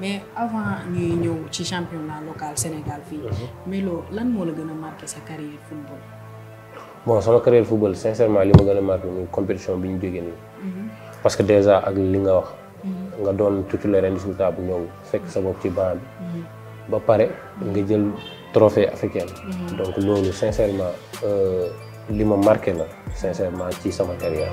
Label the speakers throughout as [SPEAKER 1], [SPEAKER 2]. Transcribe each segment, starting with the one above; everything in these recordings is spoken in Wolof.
[SPEAKER 1] mais avant ñuy ñëw ci championnat local Sénégal fii. Mhm. Melo lan moo la gën marqué sa carrière football.
[SPEAKER 2] bon sama carrière football sincèrement li ma gën a marqué muy compétition bi ñu jógee mhm. parce que déjà ak li nga wax. Mhm. nga doon titulaire indiscutable bu ñëw fekk sa bopp ci banc bi. ba pare nga jël trophée africain. donc loolu sincèrement euh, li ma marqué la sincèrement ci sama carrière.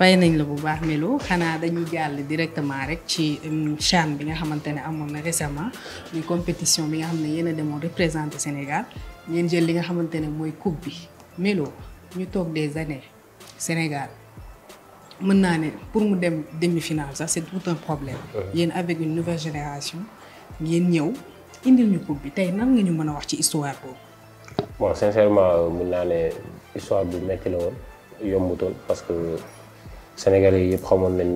[SPEAKER 1] fay nañ la bu baax Melo xanaa dañuy jàll directement rek ci euh, CHAN bi nga xamante ne amoon na récemment muy compétition bi nga xam ne yéen a demoon représenté Sénégal ngeen jël li nga xamante ne mooy coupe bi Melo ñu toog des années Sénégal mën naa ne pour mu dem demi-finale sax c'est tout un problème. yéen avec une nouvelle génération ngeen ñëw indil ñu coupe bi tey nan nga ñu mën a wax ci histoire boobu.
[SPEAKER 2] bon sincèrement mën naa ne histoire bi metti la woon yombutoon parce que. Sénégalais yëpp xamoon nañ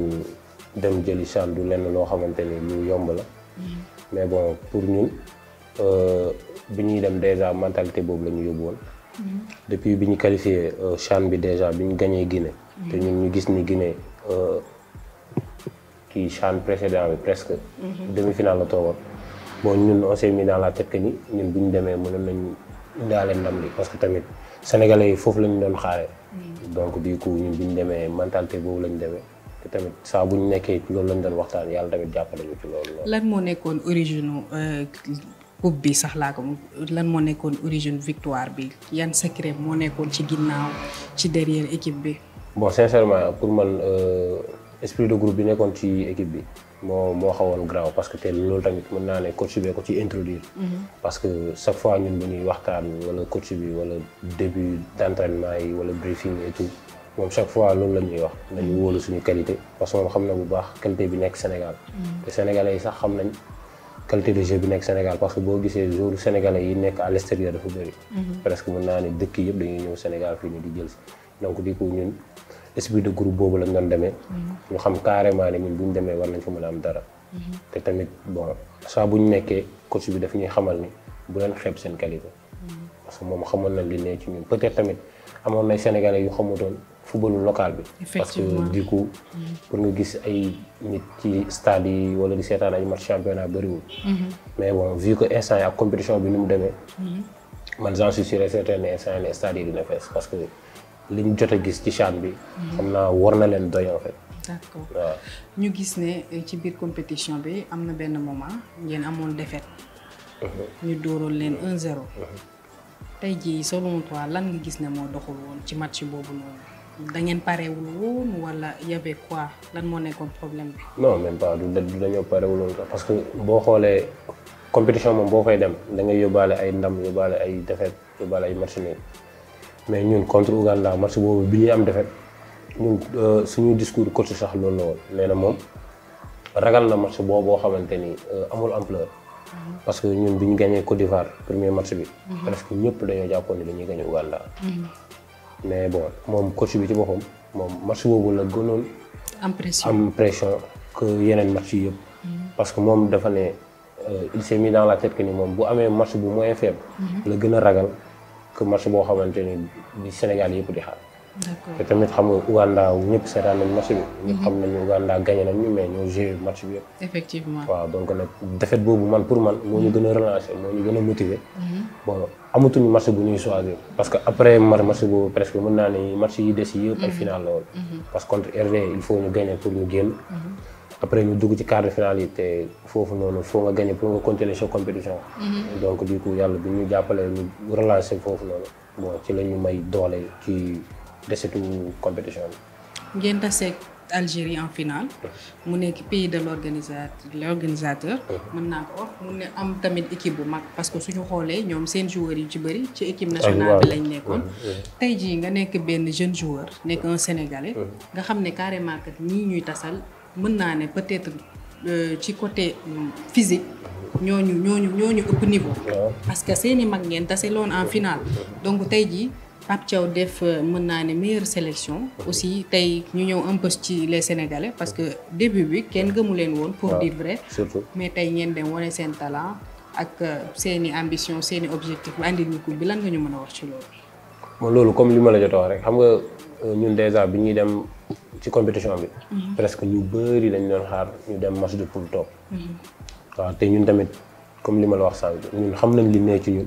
[SPEAKER 2] dem jëli CHAN du lenn loo xamante ni lu yomb la. Mhm. mais bon pour ñun euh, bi ñuy dem déjà mentalité boobu la ñu yóbbu
[SPEAKER 3] mhm.
[SPEAKER 2] depuis bi ñu qualifié euh, CHAN bi déjà bi ñu gagné Guinée. Mhm. te ñun ñu gis ni Guinée euh, kii CHAN précédent bi presque. demi-finale la toogoon. bon ñun on s'est mis dans la tête que ni ñun bu ñu demee mënoon nañu indaale ndam li parce que tamit sénégalais yi foofu la ñu doon xaaree. donc di coup ñun bi ñu demee mentalité boobu lañ demee te tamit saa bu ñu nekkee loolu lañ doon waxtaan yàlla tamit jàppale ñu ci loolu.
[SPEAKER 1] lan moo nekkoon origine euh, coupe bi sax laa ko lan moo nekkoon origine victoire bi yan secret moo nekkoon ci ginnaaw ci derier équipe bi.
[SPEAKER 2] bon sincèrement pour man euh, esprit de groupe bi nekkoon ci équipe bi. je suis parce que c'est l'autre coach mhm. parce que chaque fois ñun bu ñuy coach bi début d'entraînement wala briefing et tout chaque fois loolu la wax. Mhm. qualité parce que qualité bi Sénégal. Les mhm. sénégalais sax xam qualité de jeu bi Sénégal parce que les sénégalais yi à l'extérieur dafa bëri. presque mën naa ne dëkk Sénégal donc esprit de groupe bobu la ñon démé ñu xam carrément ne ñun buñ démé war nañ fa mëna am dara. te tamit bon sa buñ nekké coach bi daf ñuy xamal ni bu len xeeb seen qualité. parce que mom xamal na li ne ci ñun peut-être tamit amon na Sénégalais yu xamutoon football local bi. parce que du coup pour nga gis ay nit ci stade yi wala di sétane ay match championnat bari wu mais bon vu que instant ya compétition bi ni mu demee. man j'en suis sûr et certain ne instant yi stade yi dina fees parce que. liñ jot a gis ci CHAN bi. xam naa war na leen doy en fait.
[SPEAKER 1] ñu gis ne ci biir compétition bi am na benn moment ngeen amoon défaite. Mhm. ñu dóoroon leen 1-0. Mhm. Mhm. tey jii selon toi lan nga gis ne moo doxul woon ci match boobu noonu da ngeen parewul woon wala y avait quoi lan moo nekkoon problème bi.
[SPEAKER 2] non même pas du dañoo parewul woon parce que boo xoolee compétition moom boo fay dem da ngay yóbbaale ay ndam yóbbaale ay défaite yóbbaale ay match nul. mais ñun contre Ouganda match boobu bi ñuy am defet ñun euh, suñu discours coach sax loolu la woon nee na moom ragal na match boobu boo xamante ni euh, amul ampleur. parce que ñun bi ñu gagné Côte d'Ivoire premier match bi. presque ñëpp dañoo jàppoon ni dañuy gagné Ouganda. mais bon moom coach bi ci boppam moom match boobu la gënoon.
[SPEAKER 1] am pression am
[SPEAKER 2] pression que yeneen match yi yëpp. parce que moom dafa ne euh, il s'est mis dans la tête que ni moom bu amee match bu moyen faible. la gën a ragal. que marché bo xamante ni Sénégal yëpp di xaar. te tamit xam nga Ouganda ñëpp seetaan nañu match bi. Mhm. ñu xam nañu Ouganda gagné ñu mais ñoo joué match bi yëpp.
[SPEAKER 1] effectivement waaw
[SPEAKER 2] donc nak défaite bobu man pour man moo ñu gëna mhm. relancer relancé ñu gëna motiver motivé. Mhm. amatu ñu marché bu ñuy choisir. parce que après marché boobu presque mën naa ni match yi des yëpp ay final la parce que contre RD il faut ñu gagner pour ñu génn. après ñu dugg ci quart de finale yi te foofu noonu foo nga gagné pour nga continuer sa compétition. Mm-hmm. donc du coup yàlla bi ñu jàppalee ñu relancer foofu noonu bon ci la ñu may doole ki desetu compétition bi.
[SPEAKER 1] ngeen taseeg Algérie en finale. Mm-hmm. mu nekk pays de l'organisateur l'organisateur. Mm-hmm. mën naa ko wax mu ne am tamit équipe bu mag parce que suñu xoolee ñoom seen joueurs yu ci bëri ci équipe ah, nationale bi lañ nekkoon. tey jii nga nekk benn jeune joueur. nekk un sénégalais. nga xam ne carrément mën naa ne peut-être euh, ci côté hum, physique ñooñu ñooñu ñooñu ëpp niveau. parce que seeni mag ngeen tase loon en finale. donc tey jii Pape Thiaw def euh, mën naa ne meilleure sélection aussi tey ñu ñëw un peu ci les sénégalais parce que début bi kenn gëmu leen woon. pour dire vrai. mais tey ngeen dem wane seen talent ak euh, seeni ambition seeni objectif bu andil ñu ko bi lan nga ñu mën a wax ci loolu.
[SPEAKER 2] moom loolu comme li ma la jot a wax rek xam nga ñun déjà bi ñuy dem. ci compétition bi. Mhm. presque ñu bëri dañ doon xaar ñu dem match de poule top mhm. waaw té ñun tamit comme lima la wax sa ñun xam nañ li ne ci ñun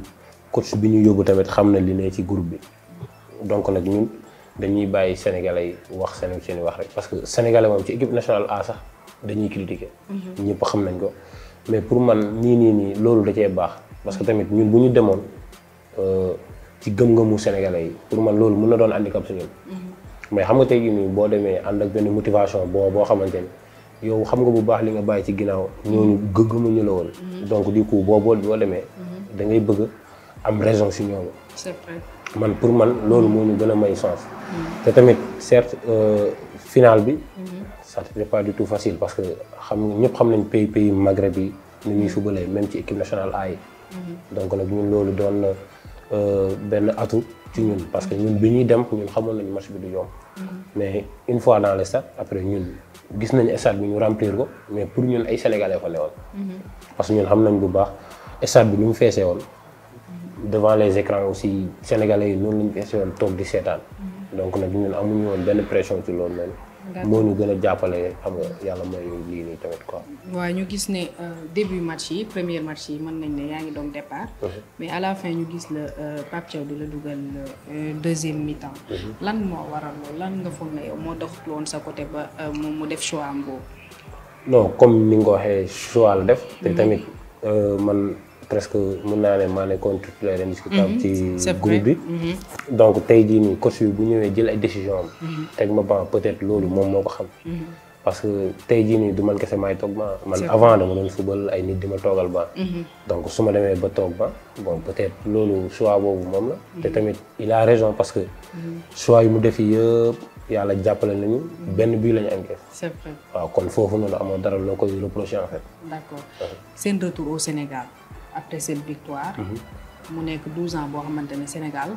[SPEAKER 2] coach bi ñu yóbbu tamit xam nañ li ne ci groupe bi donc nak ñun dañuy bayyi sénégalais wax seen seen wax rek parce que sénégalais moom ci équipe nationale A sax dañuy critiquer. Mhm. ñëpp xam nañ ko mais pour man ni ni ni loolu da cey baax parce que tamit ñun bu ñu demoon euh, ci gëm-gëmu sénégalais yi pour man loolu mun na doon handicap si ñun. mais xam nga tey jii nii boo demee ànd ak benn motivation boo boo xamante ni yow xam nga bu baax li nga bàyyi ci ginnaaw ñooñu gëggamuñu la woon. Mm-hmm. donc du coup boo boo boo demee. Mm-hmm. da ngay bëgg am raison si ñoom. man pour man loolu moo ñu gën a may sens. Mm-hmm. te tamit certes euh, final bi. ça n'était pas du tout facile parce que xam nga ñëpp xam nañ pays pays Maghreb yi ni ñuy fubalee même ci équipe nationale A donc nag ñun loolu doon na euh, benn atout ci ñun parce que ñun bi ñuy dem ñun xamoon nañu match bi du yomb. mais une fois dans le stade après ñun gis nañ stade bi ñu remplir ko mais pour ñun ay sénégalais fa newoon. parce que ñun xam nañ bu baax stade bi ñu fessé feesee woon devant les écrans aussi sénégalais yi noonu la ñu feesee woon toog di seetaan donc nag ñun amuñu woon benn pression ci loolu noonu moo ñu gën a jàppale xam nga yàlla mooy lii nii tamit quoi.
[SPEAKER 1] waaw ñu gis ne euh, début match yi premier match yi mën nañ ne yaa ngi doon départ. Mhm. mais à la fin ñu gis le euh, Pape Thiaw di la dugal euh, deuxième mi-temps. Mhm. lan moo waral loolu lan nga foog ne yow moo doxul woon sa côté ba moom mu def choix am boobu.
[SPEAKER 2] non comme ni nga ko waxee choix la def. te mhm. tamit man presque mun naa ne maa nekkoon tutelaire indiscutable mhm. ci groupe bi mhm. donc tayji ni coach bi bu ñëwé jël ay décision am mhm. teg ma ban peut-être loolu moom moo ko xam parce que tayji ni du man kese may toog ban man avant dama doon football ay nit di ma toogal ban donc suma démé ba toog ba bon peut-être lolu choix bobu mom la te tamit il a raison parce que choix yi mu def yëpp yàlla jàppale nañu benn bii la ñu c'est vrai waaw kon foofu noonu amo dara loo koy reproché en fait.
[SPEAKER 1] d'accord seen retour au Sénégal après cette victoire. Mhm. mu nekk 12 ans boo xamante ne Sénégal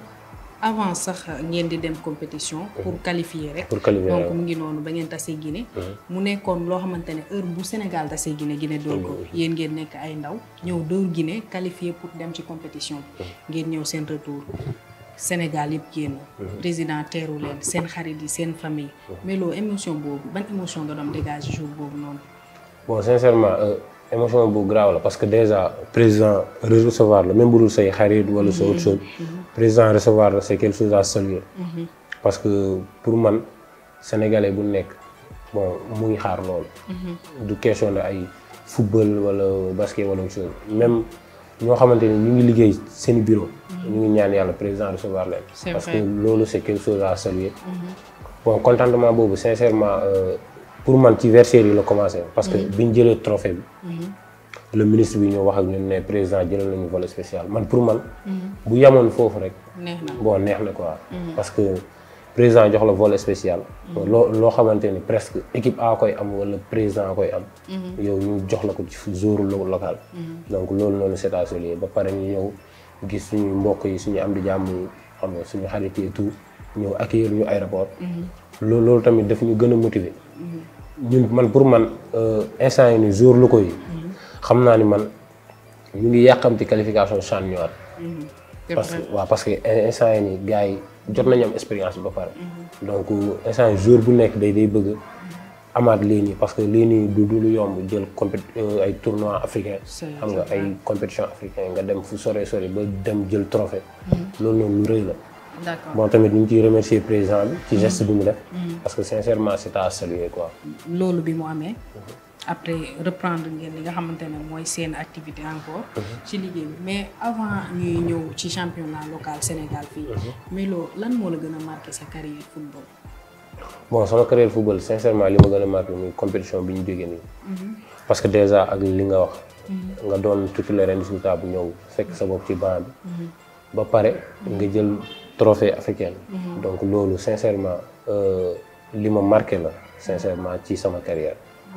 [SPEAKER 1] avant sax ngeen di dem compétition. Mhm. pour qualifier rek. pour qualifier donc mu ngi noonu ba ngeen tasee Guinée. Mhm. mu nekkoon loo xamante ne heure bu Sénégal tasee Guinée Guinée dóor ko. yéen ngeen nekk ay ndaw ñëw door Guinée qualifier pour dem ci compétition bi. ngeen ñëw seen retour. Sénégal yëpp génn. président teeru leen seen xarit yi seen famille. mais loo émotion boobu ban émotion nga doon dégager jour boobu noonu.
[SPEAKER 2] bon sincèrement. Euh, émotion bu grave parce que déjà président recevoir le même si c'est harid ou wala autre chose président recevoir c'est quelque chose à saluer mhm. parce que pour man sénégalais bu très bon Il ngi xaar pas mhm. du question de ay football wala basket wala autre chose même ño xamanteni ni ñu ngi liggéey seen bureau mhm. ñu ngi ñaan yalla président recevoir parce que lolu c'est quelque chose à saluer bon contentement bobu sincèrement euh, pour man ci verser yi la commencé parce que biñ jëlee trophée bi le ministre bi ñoo wax ak ñun né président jël nañu vol spécial man pour man bu yemoon fofu rek bon neex na quoi parce que président jox la vol spécial lo loo xamante presque équipe A koy am wala président koy am yow ñu jox la ko ci jour local donc loolu noonu c'est à souligner ba pare ñu ñëw gis suñu mbokk yi suñu am di jàmm xam nga suñu xarit et tout ñeu accueillir ñu aéroport loolu tamit daf ñu gëna motiver ñun man pour man euh, instant yi ni jour lu koy yi mhm. xam naa ni man ñu ngi yàqamti qualification CHAN ñëwaat
[SPEAKER 3] mhm. parce que
[SPEAKER 2] waaw parce que instant yi ni gars yi jot nañu am expérience ba pare mhm. donc instant jour bu nekk day day bëgg amaat lii nii parce que lii nii du du lu yomb jël compét euh, ay tournoi africain xam nga ay compétition africain nga dem fu sore sore ba dem jël trophée loolu noonu lu rëy la
[SPEAKER 1] d'accord bon tamit ñu
[SPEAKER 2] ngi ciy remercier président bi ci geste bi mu mm-hmm. Mm-hmm. parce que sincèrement c'est à saluer quoi.
[SPEAKER 1] loolu bi mu amee. Mm-hmm. après reprendre ngeen li nga xamante ne mooy activité encore. ci liggéey bi mais avant ñuy ñëw ci championnat local Sénégal fii. mais loolu lan moo la gën a marqué sa carrière football.
[SPEAKER 2] bon sama carrière football sincèrement li ma gën marqué muy compétition bi ñu jógee nii. parce que déjà ak li nga wax. nga doon titulaire résultat bu ñëw fekk sa bopp ci banc bi. ba pare nga jël. trophée africaine. Mhm. donc loolu sincèrement euh, li ma marqué la sincèrement ci sama carrière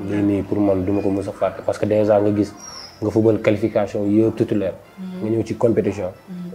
[SPEAKER 2] lii nii pour man du ma ko mës a fàtte parce que déjà nga gis nga football qualification yëpp titulaire mhm. nga ñëw ci compétition. Mhm.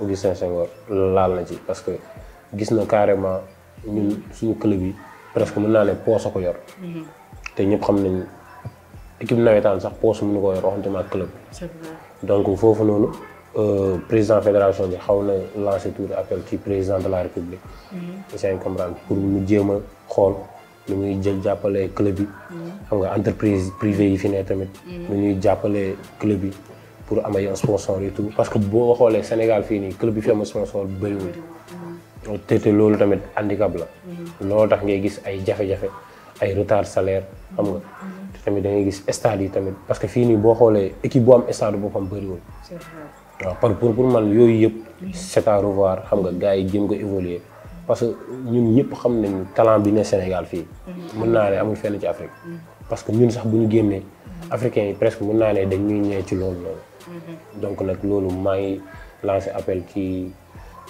[SPEAKER 2] Augustin Senghor laal na ci parce que gis na carrément ñun suñu club yi presque mën naa ne poos a ko yor. Mhm. te ñëpp xam nañ équipe nawetaan sax poos mënu ko yor waxantuma club. donc foofu noonu euh, président fédération bi xaw na lancé tout appel ci président de la république. Ousseyn mhm. Camara pour mu jéem a xool nu muy jël jàppale club yi. Mhm. xam nga entreprise privée yi fi ne tamit. nu ñuy jàppale club yi. pour am ay sponsor et tout parce que boo xoolee Sénégal fii nii club bi fi am sponsor bëriwul te loolu tamit handicap la loolu tax ngay gis ay jafe-jafe ay retard salaire xam nga te tamit da ngay gis stade yi tamit parce que fii nii boo xoolee équipe bu am stade boppam bëriwul waaw par pour man yooyu yëpp c'est à xam nga gars yi jéem ko parce que ñun ñëpp xam nañu talent bi ne Sénégal fii mën naa ne amul fenn ci Afrique mm. parce que ñun sax bu ñu génnee africains yi presque mun naa ne dañuy ñëw ci loolu loolu donc nak loolu may lancer appel ci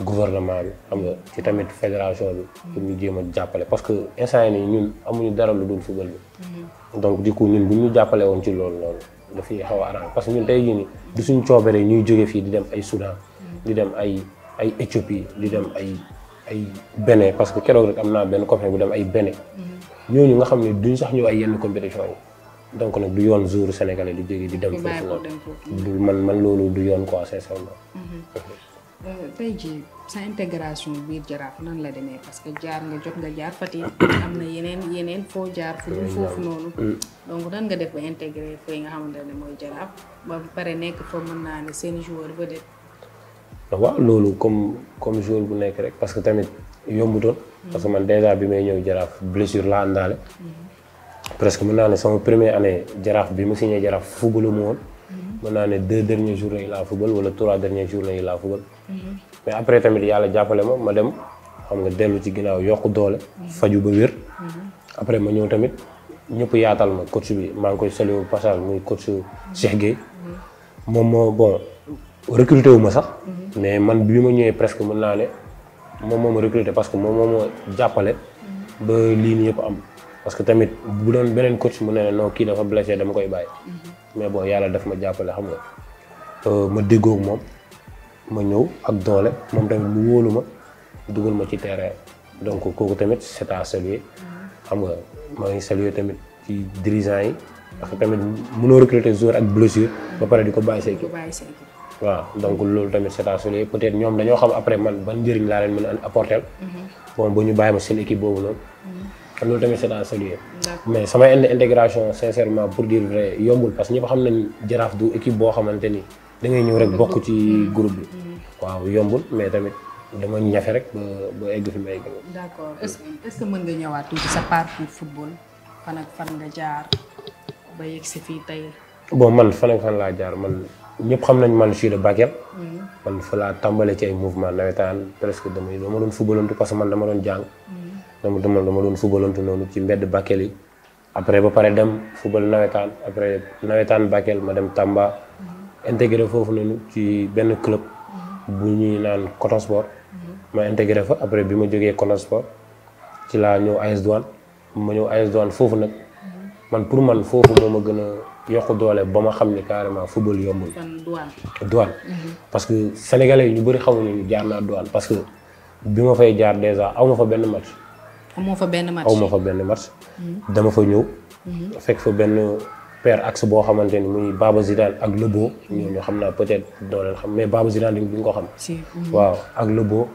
[SPEAKER 2] gouvernement bi xam nga ci tamit fédération bi. pour ñu jéem a jàppale parce que instant yii ñun amuñu dara lu dul football bi. Mhm. donc du coup ñun bu ñu jàppale woon ci loolu loolu dafay xaw a arrange parce que ñun tey jii nii du suñ coobere ñuy jóge fii di dem ay Soudan. Mhm. di dem ay ay Éthiopie di dem ay ay Bénin parce que keroog rek am naa benn copain bu dem ay Bénin. Mhm. ñooñu nga xam ne duñ sax ñëw ay yenn compétition yi. donc nag du yoon jour sénégalais di jóge di dem foofu noonu du man man loolu du yoon quoi sincèrement
[SPEAKER 1] mhm. euh, tey jii sa intégration biir jaraaf nan la demee parce que jaar nga jot nga jaar Fatick am na yeneen yeneen foo jaar fu mm. donc nan nga def ba intégré fooy nga xamante ne mooy jaraaf ba pare nekk fa mën naa ne seen joueur ba def
[SPEAKER 2] ah, waaw loolu comme comme joueur bu nekk rek parce que tamit yombutoon mm. parce que man déjà bi may ñëw jaraaf blessure laa àndaale mm-hmm. presque mën naa ne sama première année jaraaf bi ma signé jaraaf footballu mu woon. Mhm. mën naa ne deux derniers jour la ñu laa football wala trois derniers jours la laa football. Mhm. mais après tamit yàlla jàppale ma ma dem xam nga dellu ci ginnaaw yokk doole. Mhm. faju ba wér. après ma ñëw tamit ñëpp yaatal ma coach bi maa ngi koy salué passage muy coach Cheikh Gueye. moom moo bon recruté wu ma sax. mais man bi ma ñëwee presque mën naa ne moom moo ma recruté parce que moom moo jàppale. ba lii yëpp am. parce que tamit bu doon beneen coach mu ne non kii dafa blessé dama koy bàyyi. Mhm. mais bon yàlla daf ma jàppale xam nga euh, ma déggoo moom ma ñëw ak doole moom tamit mu wóolu ma dugal ma ci terrain donc kooku tamit c'est à saluer mhm. xam nga maa ngi saluer tamit ci dirigeant yi parce que tamit mënoo recruter joueur ak blessure ba pare di ko bàyyi sa équipe waaw loolu tamit c'est à ñoom dañoo xam après man ban njëriñ laa leen mën a apporter mhm. ba ñu bàyyi ma seen équipe boobu noonu. te loolu tamit c'est à mais sama intégration sincèrement pour dire vrai yombul parce que ñëpp xam nañ jaraaf du équipe boo xamante ni dangay ñëw rek bokk ci groupe bi mm-hmm. waaw yombul mais tamit dama ñafe rek ba egg fi ma
[SPEAKER 1] egg d'accord est-ce que mën nga ñëwaat tuuti sa parcours football nga jaar ba yegg tey bon
[SPEAKER 2] man fan ak fan laa jaar man ñëpp xam nañ man je suis de Bakel mm-hmm. man fa laa tàmbale ci ay mouvement nawetaan presque damay dama doon footballantu parce que man dama doon jàng mm-hmm. dama dama dama doon fubalantu noonu ci mbedd Bakel yi après ba pare dem fubal nawetaan après nawetaan Bakel ma dem Tamba intégré foofu noonu ci benn club bu ñuy naan Coton Sport ma intégré fa après bi ma jógee Coton ci laa ñëw AS Douane ma ñëw AS Douane foofu nag man pour man foofu moo ma gën a yokk doole ba ma xam ni carrément football yombul. douane mhm. parce que sénégalais yi ñu bëri xamuñu jaar naa douane parce que bi ma fay jaar déjà aw ma fa benn match.
[SPEAKER 1] amoo fa benn match ma fa
[SPEAKER 2] benn match. dama fa ñëw. fekk fa benn paire axe boo xamante ni muy baaba Zidane ak Lebo ñooñu xam naa peut-être doo leen xam mais Baba Zidane di nga ko xam. si mhm. waaw ak Lebo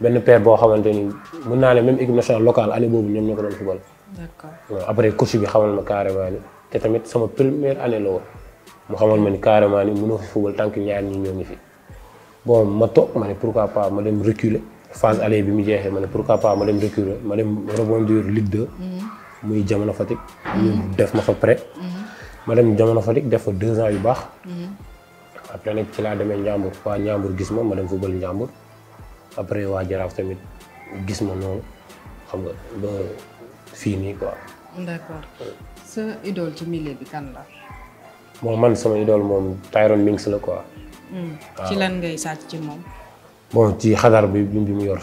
[SPEAKER 2] benn paire boo xamante ni mun naa ne même équipe nationale locale année boobu ñoom ñoo ko doon football.
[SPEAKER 3] d'accord
[SPEAKER 2] après coach bi xamal ma carrément te tamit sama première année la woon mu xamal ma ni carrément ni mënoo fi football tant que ñaar ñi ñoo ngi fii boo ma toog ma ne pourquoi pas ma dem reculer. phase aller bi mu jexé mané pourquoi pas ma dem récurer ma dem rebondir lit 2. Mm-hmm. muy jamono fatik ñu mm-hmm. def ma fa prêt. Mm-hmm. ma dem jamono fatik def fa 2 ans yu bax après nag ci la démé Njàmbur waa Njàmbur gis ma ma dem football Njàmbur après wa jaraf tamit gis ma non xam nga ba fini quoi.
[SPEAKER 1] d'accord ce idole ci milé bi kan la.
[SPEAKER 2] mo man sama idole mom tyron Mings la quoi. Mm. ci
[SPEAKER 1] lan ngay sacc ci mom
[SPEAKER 2] bon ci xadar bi bi mu yor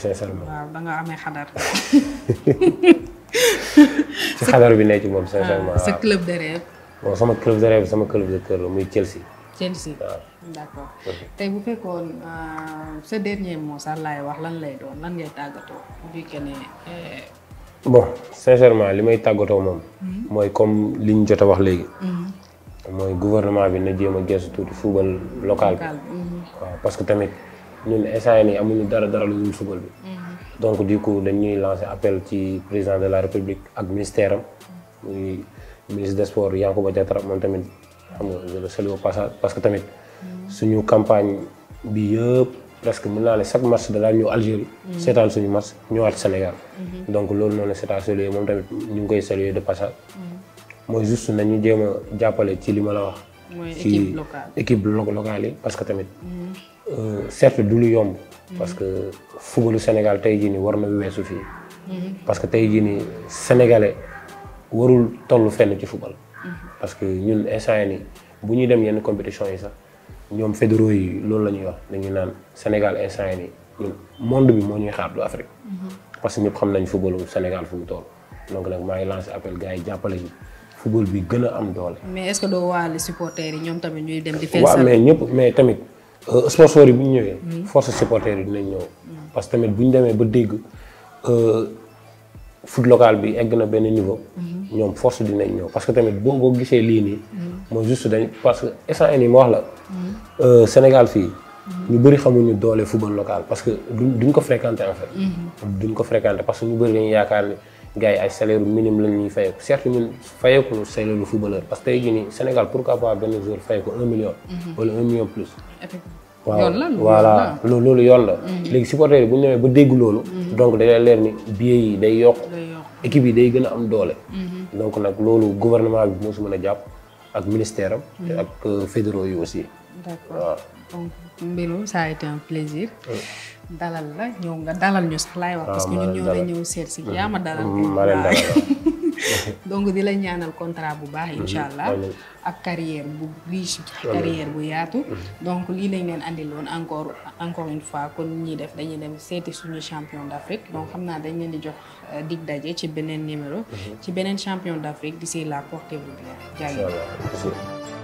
[SPEAKER 1] bi nekk ci moom sincèrement. Ah, sa club de rêve.
[SPEAKER 2] bon sama club de muy
[SPEAKER 1] euh, wax lan tàggatoo eh.
[SPEAKER 2] li may tàggatoo moom. Hmm? mooy comme li ñu jot a wax léegi. Hmm. mooy gouvernement bi na jéem a gëstu tuuti football local bi. Hmm. parce que tamit. ñun instant yii nii amuñu dara dara lu dul football bi. Mhm. donc du coup dañuy lancer appel ci président de la république ak ministère am. muy ministre des sports Yankhoba Diattara moom tamit parce que tamit mhm. suñu campagne bi yëpp presque mun naa ne chaque match da daal ñëw Algérie. Mhm. seetaan suñu match ñëwaat Sénégal. donc loolu noonu c'est à saluer moom tamit ñu ngi koy saluer de passage. mooy juste nañu jéem jàppale ci li ma la wax.
[SPEAKER 3] mooy équipe ci
[SPEAKER 2] équipe locale yi parce que tamit. Euh, certes du lu yomb. parce que footballu Sénégal tey jii nii war na weesu
[SPEAKER 3] fii.
[SPEAKER 2] parce que tey jii nii sénégalais warul toll fenn ci football. parce que ñun instant yii nii bu ñuy dem yenn compétition yi sax ñoom fédéraux yi loolu la ñuy wax dañuy naan Sénégal instant yii nii ñun monde bi moo ñuy xaar du Afrique. parce que ñëpp xam nañ footballu Sénégal fu mu toll. donc nag maa ngi lancé appel gars yi jàppale ñu football bi gën a am doole.
[SPEAKER 1] mais est-ce que doo waale supporters yi ñoom tamit ñuy dem di. waaw mais
[SPEAKER 2] ñëpp mais tamit. Euh, sponsor yi bu ñu ñëwee. Mm. Mm. force supporter yi dinañ ñëw. parce que tamit bu ñu demee ba dégg euh, foot local bi egg na benn niveau. Mm-hmm. ñoom force dinañ ñëw parce que tamit boo boo gisee lii nii. Mm. mooy juste dañ parce que instant nii ma wax la. Euh, Sénégal fii. ñu bëri xamuñu doole football local parce que duñ ko fréquenté en fait.
[SPEAKER 3] Mm-hmm.
[SPEAKER 2] duñ ko fréquenté parce que ñu bëri dañuy yaakaar ni gars yi ay salaire minimum la ñuy fayeeku certes ñun fayeeku salaire footballeur parce que tey jii nii Sénégal pourquoi pas benn jour fayeeku un million. Mm-hmm. wala un million plus. yoon la voilà loolu loolu yoon la. Mm-hmm. léegi supporters yi bu ñu demee ba dégg loolu. Mm-hmm. donc da leer ni billets yi day yokk. équipe yi day gën a am doole. Mm-hmm. donc nag loolu gouvernement bi moo si a jàpp ak ministère am. ak euh, fédéraux yi aussi.
[SPEAKER 1] d'accord donc Mbélo ça a plaisir. dalal la ñëw nga dalal ñu sax laay wax. Ah, parce que ñun ñoo lay ñëw seet si yaa dalal. maa leen dalal donc di la ñaanal contrat bu baax incha mhm. allah ak carrière bu riche carrière bu yaatu mhm. donc lii lañ leen andiloon encore encore une fois kon ñuy def dañuy dem seeti suñu champion d'Afrique donc xam naa dañ leen di jox euh, dig daje ci beneen numéro mhm. ci beneen champion d'Afrique d'ici là portez-vous bien
[SPEAKER 3] jaajëf